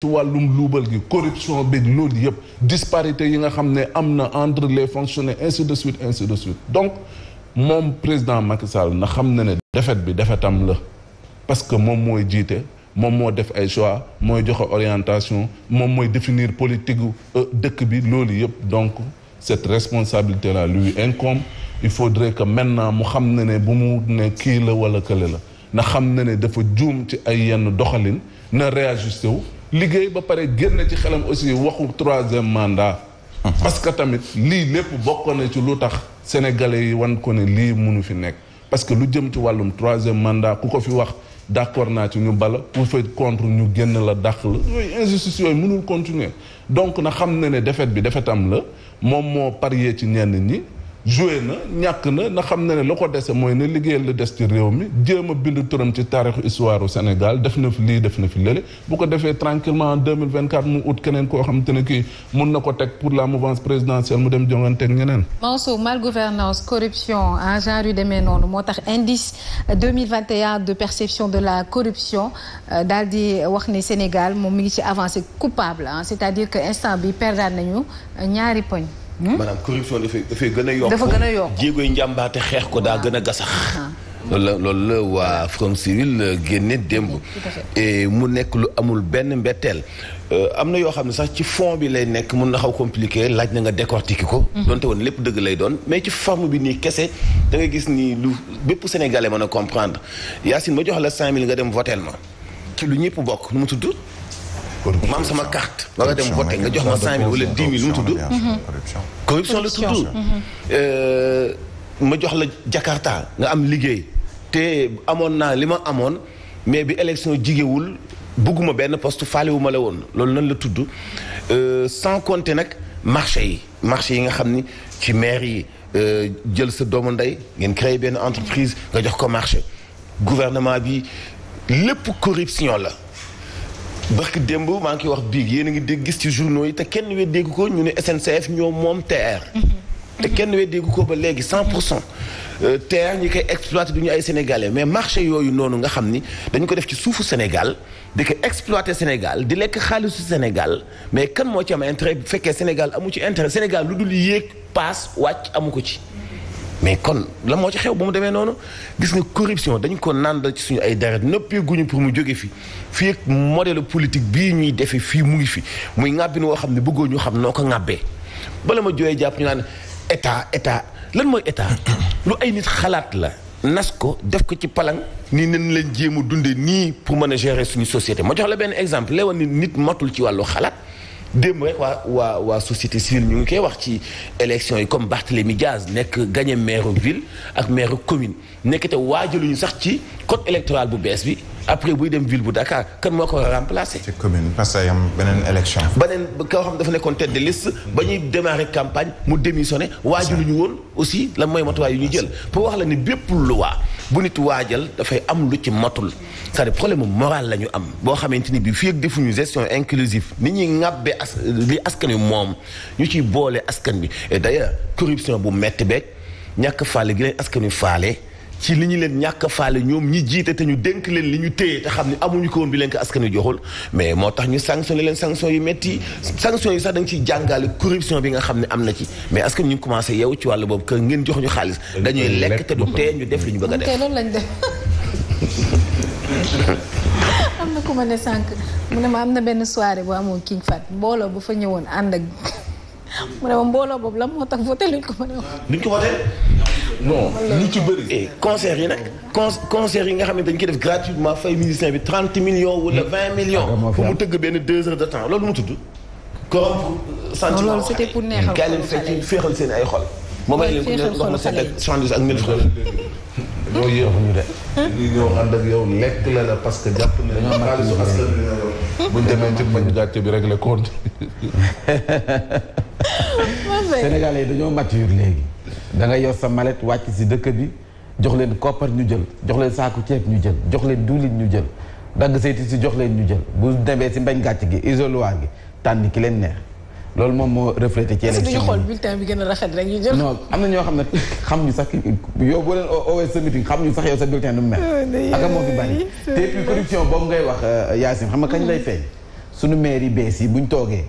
ci wàllum luubal gi corruption bi loolu yëpp disparité yi nga xam ne am na entre les fonctionnaires ainsi de suite ainsi de suite donc moom président Macky Sall na xam ne ne défaite bi défaitam la parce que moom mooy jiite moom moo def ay choix mooy joxe orientation moom mooy définir politique euh, dëkk bi loolu yëpp donc cette responsabilité là lui incombe il faudrait que maintenant mu xam ne ne bu mu ne kii la wala kële la na xam ne ne dafa juum ci ay yenn doxalin na réajusté wu liggéey ba pare génn ci xelam aussi waxu troisième mandat. parce que tamit lii lépp bokkoon na ci lu tax sénégalais yi wan ko ne lii munu fi nekk. parce que lu jëm ci wàllum troisième mandat ku ko fi wax d' accord naa ci ñu bala ku fa contre ñu génn la dàq la yooyu injustice yooyu mënul continuer donc na xam na ne défaite bi défaite la moom moo parier ci ñenn ñi. joué na ñàkk na na xam na ne la ko dese mooy ne liggéeyal la des ci réew mi jéem a bind turam ci taarixu histoire u Sénégal def na fi lii def na fi lële bu ko defee tranquillement en mille vingt quatre mu ut keneen koo xam te ne kii mun na ko teg pour la mouvance présidentielle mu dem jongante ak ñeneen. Mansour mal gouvernance corruption en genre yu demee noonu moo tax indice deux mille vingt et un de perception de la corruption euh, daal di wax ni Sénégal moom mi ngi ci avancé coupable ah c'est-à-dire que instant bi perdaan nañu ñaari poñ. Hmm? maanaam corruption dafay dafay gën a yokk dafa gën a yokk jéegoy njàmbaate xeex ko daa gën a gasax ah. loolu la la waa Forum Civil euh, génne démb et mu nekk lu amul benn mbetteel euh, am na yoo xam ne sax ci fond bi lay nekk mun na xaw compliqué laaj na nga décortiquer ko hmm. doonte woon lépp dëgg lay doon mais ci forme bi nii kese da gis ni lu bépp sénégalais mën a comprendre Yacine ma jox la 5000 nga dem votel ma ci lu ñëpp bokk nu mu tudd ma am sama carte ba nga dem voté nga jox ma 5000 wala 10 000 lu mu tudd. Mhm. corruption la tudd. Mhm. Euh, ma jox la Jakarta nga am liggéey te amoon naa li ma amoon mais bi élection jigéewul bugguma benn poste faalewu ma la woon loolu nan la tudd euh, sans compter nag marché yi marché yi nga xam ni ci maire yi euh, jël sa doomu ndey ngeen créer benn entreprise nga jox ko marché gouvernement bi lépp corruption la barki démb maa ngi koy wax biig yéen a ngi dégg gis ci journaux yi te kenn weddeeku ko ñu ne SNCF ñoo moom TER. Mhm. te kenn weddeeku ko ba léegi 100 cent. TER euh, ñi koy exploité du ñu ay sénégalais mais marché yooyu noonu nga xam ni dañu ko def ci suufu Sénégal di ko exploité Sénégal di lekk xaalisu Sénégal mais kan moo ci am intérêt bu fekkee Sénégal amu ci intérêt Sénégal lu dul yéeg paas wàcc amu ko ci. mais kon la moo ci xew bu mu demee noonu gis nga corruption dañu ko nandal ci suñu ay deret nëppee guñu pour mu jóge fi fii ak modèle politique bii ñuy defee fii mu ngi fi muy ŋàbbin woo xam ne bëggoo ñu xam noo ko ŋàbbee bala ma jooyee jàpp ñu naan état état lan mooy état lu ay nit xalaat la nas ko def ko ci palang ni nañ leen jéem a dundee nii pour mën a gérer suñu société ma jox la benn exemple lée ni nit matul ci wàllu xalaat démb rek waa waa waa société civile ñu ngi koy wax ci élection yi comme Barthélémy Diaz nekk gagné maire ville ak mairo commune nekk te waajaluñu sax ci code électoral bu bees bi après buy dem ville bu Dakar kan moo ko war a remplacer. commune parce que am beneen élection. beneen koo xam dafa nekkoon tête de liste. ba ñuy démarrer campagne mu démissionné. waajaluñu woon aussi la mooy matuwaay yu ñu jël. pour wax la ne bépp loi. bu nit waajal dafay am lu ci matul sa à problème moral la ñu am boo xamante ni bi fii ak defuñu gestion inclusive nit ñuy ŋàbbee as li askan yu moom ñu ciy boolee askan bi et d'ailleurs corruption bu metti beeg ñàkk faale gi leen askan wi faale ci li ñu leen ñàkk faale ñoom ñi jiite te ñu dénk leen li ñu téye te xam ne amuñu ko woon bi leen ko askan wi joxul mais moo tax ñu sanctionné leen sanction yu métti sanction yi sax da nga ciy jàngale corruption bi nga xam ne am na ci mais askan ñu ngi commencé yow ci wàllu boobu que ngeen jox ñu xaalis dañuy lekk te du tee a def loolu am na ku ma ne sànq mu ne ma am na benn soirée bu amoon King Fat mbooloo ba fa ñëwoon ànd ak mu ne ma mbooloo boobu la moo tax voté luñ ko mën a wax non ñu ci bëri. Eh, concert yi nag con concert yi nga xam ne dañ koy def gratuitement fay musicien bi trente millions wala hmm. vingt millions. Ah, pour mu tëgg benn deux heures de temps loolu mu tudd. corrompre euh, sentiment loolu c'était pour neexal gaa leen fekk féexal seen ay xol. moom ay leen ko ñu wax na seet ak chandise ak mille francs. doo yéexu ñu de. li ñëw ànd ak yow lekk la la parce que jàpp ne dañoo xaalisu askan bi la yor. buñ demee ci bañ gàcce bi rek la compte. Sénégalais dañoo mature léegi. da nga yor sa malet wàcc si dëkk bi jox leen koppar ñu jël jox leen saaku ceeb ñu jël jox leen duulin ñu jël dagg sayti si jox leen ñu jël bu demee si mbañ gàcc gi isoloir gi tànn ki leen neex loolu moom moo reflété ci élection xool bulletin bi gën a rafet rek ñu jël non ñoo xam ne xam ñu sax yow boo leen sa meeting xam ñu sax yow sa bulletin nu mu mel oh, aka moo fi bari te puis corruption boobu ngay wax euh, Yacine xam nga kañ lay mm. feeñ suñu maire yi bees yi buñ toogee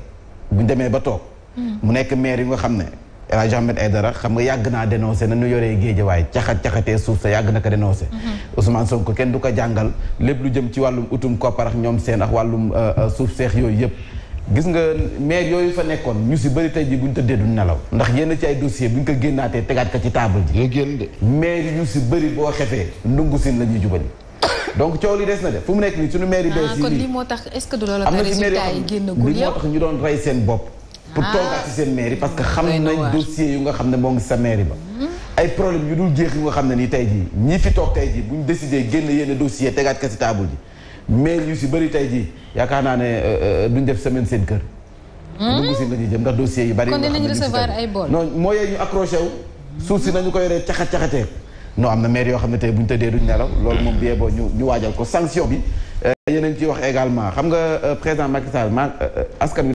buñ demee ba toog mm. mu nekk maire yi nga xam ne El Hadj Ahmed Aidara xam nga yàgg naa dénoncé na ñu yoree géejawaay caxat caxatee suuf sa yàgg na ko dénoncé mm-hmm. Ousmane Sonko kenn du ko jàngal lépp lu jëm ci wàllum utum koppar ñoom seen ak wàllum euh, euh, suuf seex yooyu yëpp gis nga maire yooyu fa nekkoon ñu si bëri tey ji bu ñu tëddee du nelaw ndax yenn ci ay dossier bu ñu ko génnaatee tegaat ko ci table ji maire yu si bëri boo xefee ndungu sin la ñuy donc coow li des na de fu mu nekk nii suñu maire yi ah, bees yi am moo tax ñu doon rey seen bopp pour toogaat ci seen mairie parce que xam nañ dossier yu nga xam ne moo ngi sa mairie ba ay problème yu dul jeex yu nga xam ne nii tey jii ñii fi toog tey jii buñ décidé génn yenn dossier tegaat ko ci table ji mais yu si bëri tey jii yaakaar naa ne euh, euh, duñ def semaine seen kër hmm? dugg si nga ñuy jëm ndax dossier yu bëri kon dinañ recevoir mooy ñu accroché wu suuf si nañu ko yoree caxat caxatee noo am na maire yoo xam ne tey buñ tëddee duñ nelaw loolu moom boo ñu ñu waajal ko sanction bi euh, yeneen ciy wax également xam nga président Macky Sall ma askan